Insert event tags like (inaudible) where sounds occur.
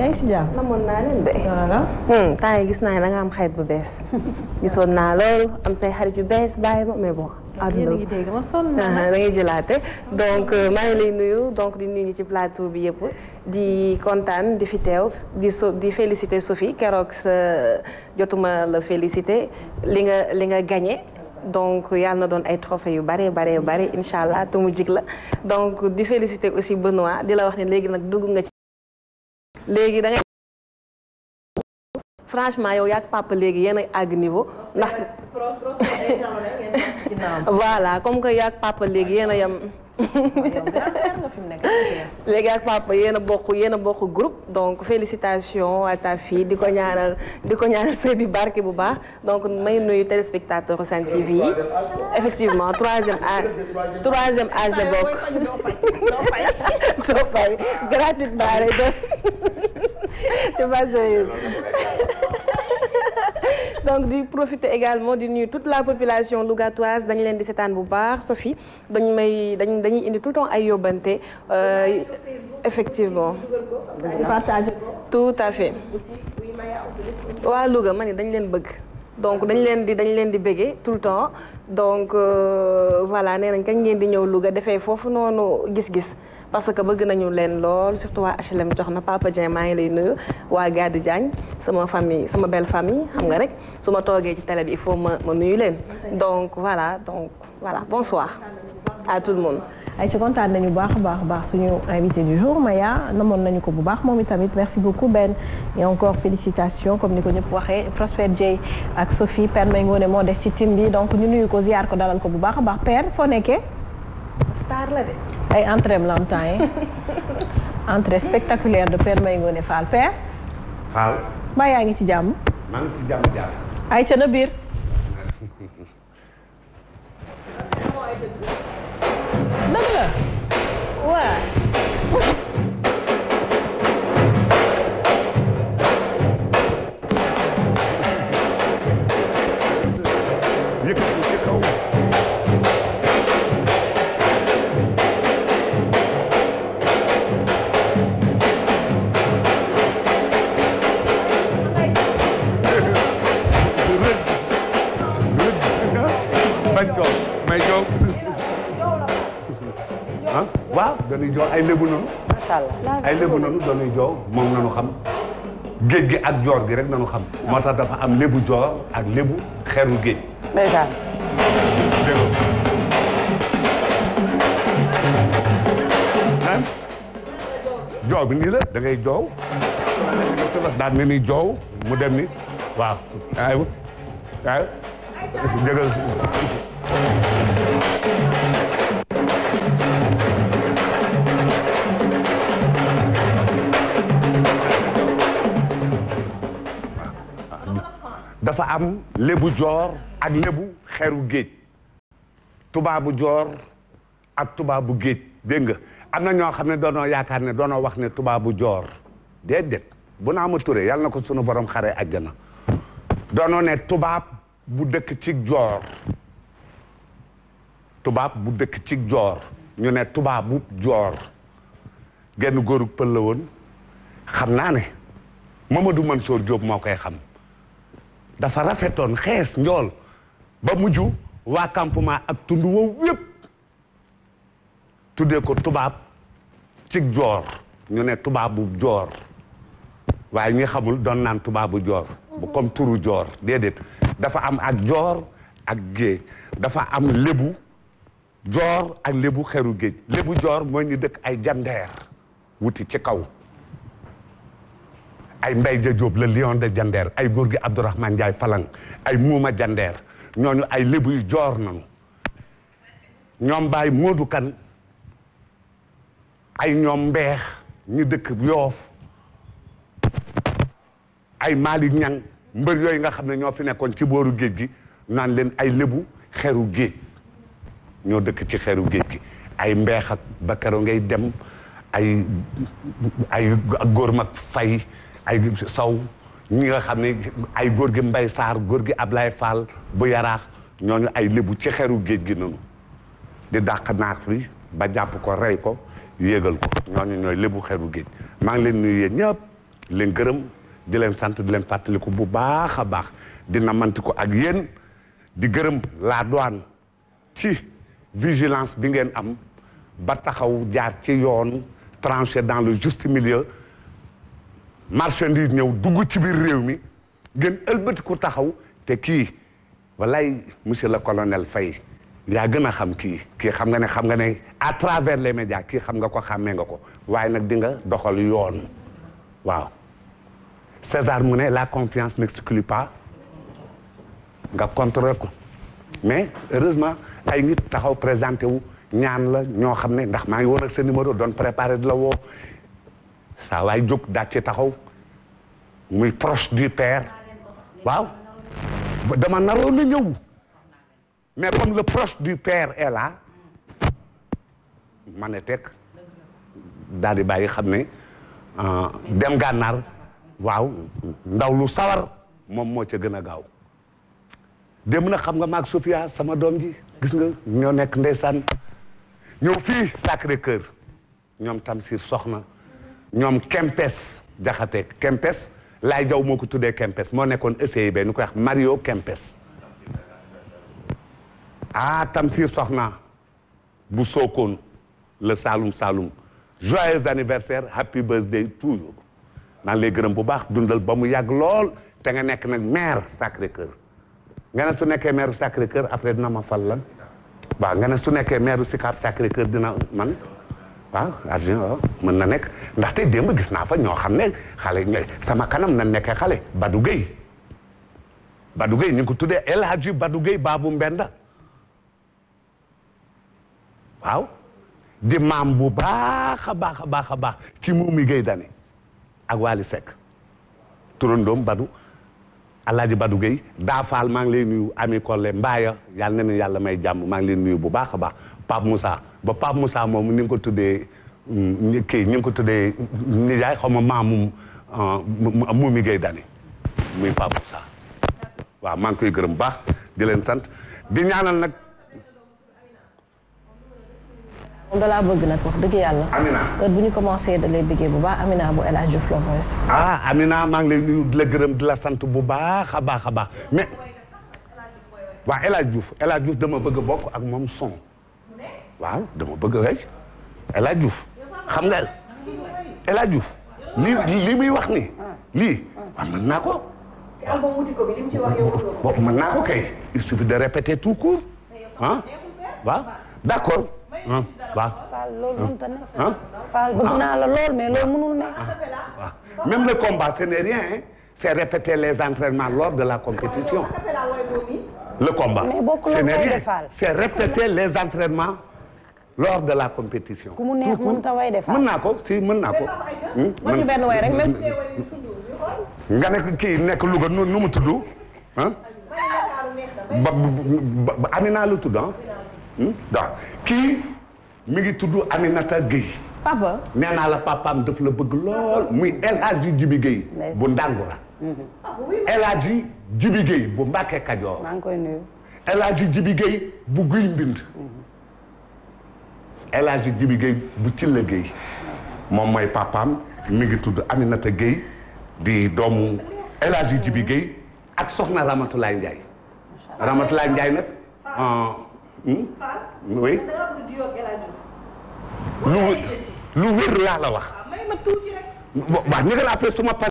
yaa yi gis naa ne da am xarit bu bees. gisoon naa loolu am say xarit yu bees bàyyi ma mais bon. àdduna bi dégg jëlaate donc maa lay nuyu donc di nuyu ci plateau bi yëpp di kontaan di fi teew di so di féliciter Sophie keroog sa eh, jotuma la féliciter li nga li nga gañe donc yàlla na doon ay trophées yu bare bare bare incha allah te mu jig la donc di féliciter aussi Benoît di la wax ne léegi nag dugg nga ci. léegi da ngay franchement yow yaag papa léegi yéen a (laughs) voilà comme que yaag papa léegi yéen a yem (laughs) léegi ak donc félicitations à ta fille di ko ñaanal di ko ñaanal sëy barke bu baax donc may nuyu téléspectateur Sen TV effectivement troisième âge troisième âge la bokk doo fay (laughs) gratuitement rek c'est pas sérieux donc di profiter également di nuyu toute la population lougatoise dañ leen di seetaan bu baax Sophie dañ may dañ dañuy indi tout temps ay yóbbante euh, effectivement partager tout à fait waa Louga ma yi dañ leen bëgg donc dañ leen di dañ leen di béggee tout le temps donc euh, voilà nee nañ kañ ngeen di ñëw Louga defee foofu noonu gis-gis parce que bëgg nañu leen lool surtout waa HLM jox na Papa Dieng maa ngi lay nuyu waa Gadi Diagne sama famille sama belle famille xam nga rek su ma toogee ci tele bi il faut ma ma nuyu leen donc voilà donc voilà bonsoir à tout le monde ay ci kontaan nañu baax a baax baax suñu invité du jour Maya namoon nañu ko bu baax moom itamit merci beaucoup Ben et encore félicitations comme ni ko ñëpp waxee Prosper Dieye ak Sophie Père Mbaye Ngoné moo des ci team bi donc ñu nuyu ko ziar ko dalal ko bu baax a baax Père foo nekkee. star la de. ay entrée am la (laughs) entrée spectaculaire de per may ngoone Fall Père. Fall. yaa ngi ci jàmm. maa ay ca na biir. dañuy joow ay lébu noonu. macha allah ay lébu xam. gi ak joor gi rek nanu xam. moo tax dafa am lébu joor ak lébu xeeru géej. ndeysaan. dégg nga. joow bi nii la da ngay joow. mu dem ni waaw. aywa am lébu joor ak lébu xeeru géej tubaabu joor ak tubaabu géej dégg nga am na ñoo xam ne doonoo yaakaar ne doono wax ne tubaabu joor déedéet bu naa ma turé yàlla na ko sunu borom xare àjjana doonoo ne tubaab bu dëkk ci joor tubaab bu dëkk ci joor ñu ne tubaabu joor genn góoru pël la woon xam naa ne Mamadou Mansour Diop moo koy xam dafa rafetoon xees njool ba mujj waa campement ak tund woowu yépp tuddee ko tubaab ci joor ñu ne tubaabu joor waaye ñi xamul doon naan tubaabu joor bu kom turu joor déedéet dafa am ak joor ak géej dafa am lébu joor ak lébu xeru géej lébu joor mooy ñu dëkk ay jandeer wuti ci kaw ay Mbaye Dia Diop le de Diender ay góor gi Abdourahmane Ndiaye Falang ay Muuma Diender ñooñu ay lébu joor nañu ñoom Baye Modou ay ñoom mbeex ñu dëkk yoof ay Malick Niang mbër yooyu nga xam ne ñoo fi nekkoon ci booru géej gi naan leen ay lébu xeru géej ñoo dëkk ci xeru géej gi ay mbeex ak bakaro ngay dem ay ay góor mag fay ay saw ñi nga xam ne ay góor gi Mbay Saar góor gi lay Fall bu yaraax ñooñu ay lébu ci xeru géej gi nanu di dàq naak fi ba jàpp ko rey ko yéegal ko ñooñu ñooy lébu xeru géej maa ngi leen nuyu yéen ñëpp leen gërëm di leen sant di leen ko bu baax a baax di namanti ko ak yéen di gërëm la douane ci vigilance bi ngeen am ba taxaw jaar ci yoon tranché dans le juste milieu marchandise ñëw dugg ci biir réew mi gën ëlbatiku taxaw te kii walay monsieur le colonel fay yaa gën a xam kii kii xam nga ne xam nga ne à travers les médias kii xam nga ko xàmmee nga ko waaye nag dinga nga doxal yoon waaw César mu ne la confiance n'exclut pas nga contre ko mais heureusement ay nit taxaw présenter wu ñaan la ñoo xam ne ndax maa ngi woon ak sa numéro doon préparé di la woo saa waay jóg daaj ci taxaw muy proche du père waaw dama naroon na ñëw mais comme le proche du père est là ma ne teg daal di bàyyi xam ne ah, dem gànnaar waaw ndaw lu sawar moom moo ca gën a gaaw dem na xam nga maag Sofia sama doom ji gis nga ñoo nekk ndeysaan ñëw fii Sacré Cœur ñoom Tamsir soxna ñoom Kempes Jaxate Kempes Laay Jaw moo ko tuddee Kempes moo nekkoon ECIB nu koy wax Mario Kempes ah Tamsir Soxna bu Sokone le Saloum saalum joyeux anniversaire happy birthday to you naan lay gërëm bu baax dundal ba mu yàgg lool te nga nekk nag maire Sacré Cœur nga su nekkee maire Sacré Cœur après dina ma fal lan waaw nga ne su nekkee maire Sicap Sacré Cœur dina man waaw argent waaw mën na nekk ndaxte démb gis naa fa ñoo xam ne xale sama kanam na nekkee xale Badou Gueye Badou Gueye ñu ngi ko tuddee El Hadji Badou Gueye Baabu Mbenda waaw di maam bu baax a baax a baax a baax ci Moumi Gueye Dany ak Wally Seck turandoom Alaaji Badou Gueye daafaal maa ngi lay nuyu Ami Collé Mbaaya yàlla na ne yàlla may jàmm maa ngi lay nuyu bu baax a baax Pape Moussa ba Pape Moussa moom ni nga ko tuddee mm, kii ni nga ko tuddee nijaay xaw ma maamum ah, Dani muy Pape Moussa waaw maa ngi koy gërëm baax di leen sant di ñaanal nag moom da laa bëgg nag wax dëgg yàlla. Amina heure bu ñu commencé da lay bëggee bu baax Amina bu El Hadj Diouf la voice. ah Amina maa ngi lay nuyu di la gërëm di la sant bu baax a baax a baax mais waaw El Hadj Diouf El Hadj Diouf dama bëgg a bokk ak moom son waaw dama bëgg rek El Hadj Diouf xam nga El Hadj Diouf lii lii muy wax ni lii waaw mën naa ko. mën naa ko kay il suffit de répéter tout court ah waaw d'accord. ah waaw. Fall loolu mënut a nekk. ah Fall bëgg naa la lool mais loolu mënul nekk. waaw même le combat ce n'est rien hein. c'est répéter les entraînements lors de la compétition. le combat ce n'est rien c'est répéter les entraînements lors de la compétition. ku mu neex mënut a way de Fall. mën naa ko si mën naa ko. mën benn way rek même. nga nekk kii nekk Louga nu mu tudd ah. ba Amina lu tudd ah. ndax hmm? kii mi ngi tudd Aminata Gueye. papa nee naa la papaam daf la bëgg lool muy El Hadji bu Ndangura. Mm-hmm. El Hadji Djibi bu Mbacke Kajoor. maa ngi bu Guy Mbind. Mm-hmm. El Hadji Djibi Gueye bu Cilla moom mooy papaam mi ngi tudd Aminata Gueye di doomu El Hadji Djibi Gueye ak Ramatulaay Ndiaye. Ramatulaay Ndiaye nag. Ah, Hmm? oui lu lu wér la wax. Ah, waaw ni nga la après suma